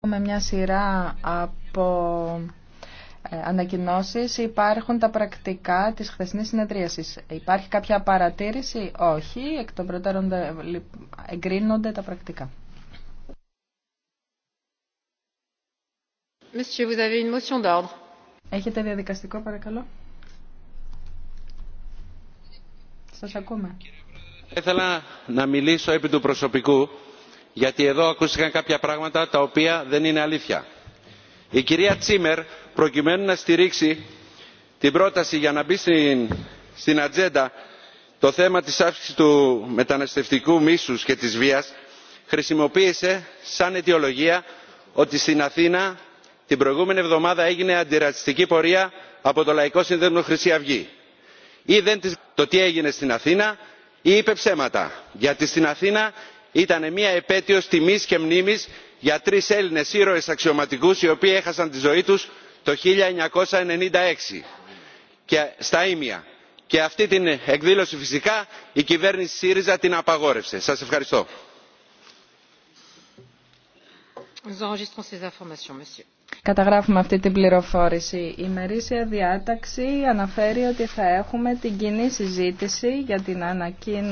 Έχουμε μια σειρά από ε, ανακοινώσεις. Υπάρχουν τα πρακτικά της χθεσινής συνεδρίασης. Υπάρχει κάποια παρατήρηση? Όχι. Εκ των προτέρων εγκρίνονται τα πρακτικά. Έχετε διαδικαστικό παρακαλώ. Σας ακούμε. Ήθελα να μιλήσω επί του προσωπικού γιατί εδώ ακούστηκαν κάποια πράγματα τα οποία δεν είναι αλήθεια. Η κυρία Τσίμερ προκειμένου να στηρίξει την πρόταση για να μπει στην, στην ατζέντα το θέμα της αύξησης του μεταναστευτικού μίσους και της βίας χρησιμοποίησε σαν αιτιολογία ότι στην Αθήνα την προηγούμενη εβδομάδα έγινε αντιρατσιστική πορεία από το Λαϊκό Σύνδεσμο Χρυσή Αυγή. Ή δεν το τι έγινε στην Αθήνα ή είπε ψέματα. Γιατί στην Αθήνα ήταν μια επέτειος τιμής και μνήμης για τρεις έλληνες ήρωες αξιωματικούς οι οποίοι έχασαν τη ζωή τους το 1996 και στα ήμια. Και αυτή την εκδήλωση φυσικά η κυβέρνηση ΣΥΡΙΖΑ την απαγόρευσε. Σας ευχαριστώ. Καταγράφουμε αυτή την πληροφόρηση. Η διάταξη αναφέρει ότι θα έχουμε την κοινή συζήτηση